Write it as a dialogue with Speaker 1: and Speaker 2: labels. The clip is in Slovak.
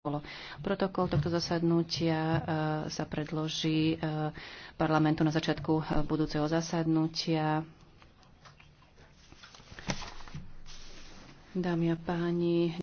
Speaker 1: bolo. Protokol tohto zasadnutia e, sa predloží e, parlamentu na začiatku e, budúceho zasadnutia. Dámy a páni,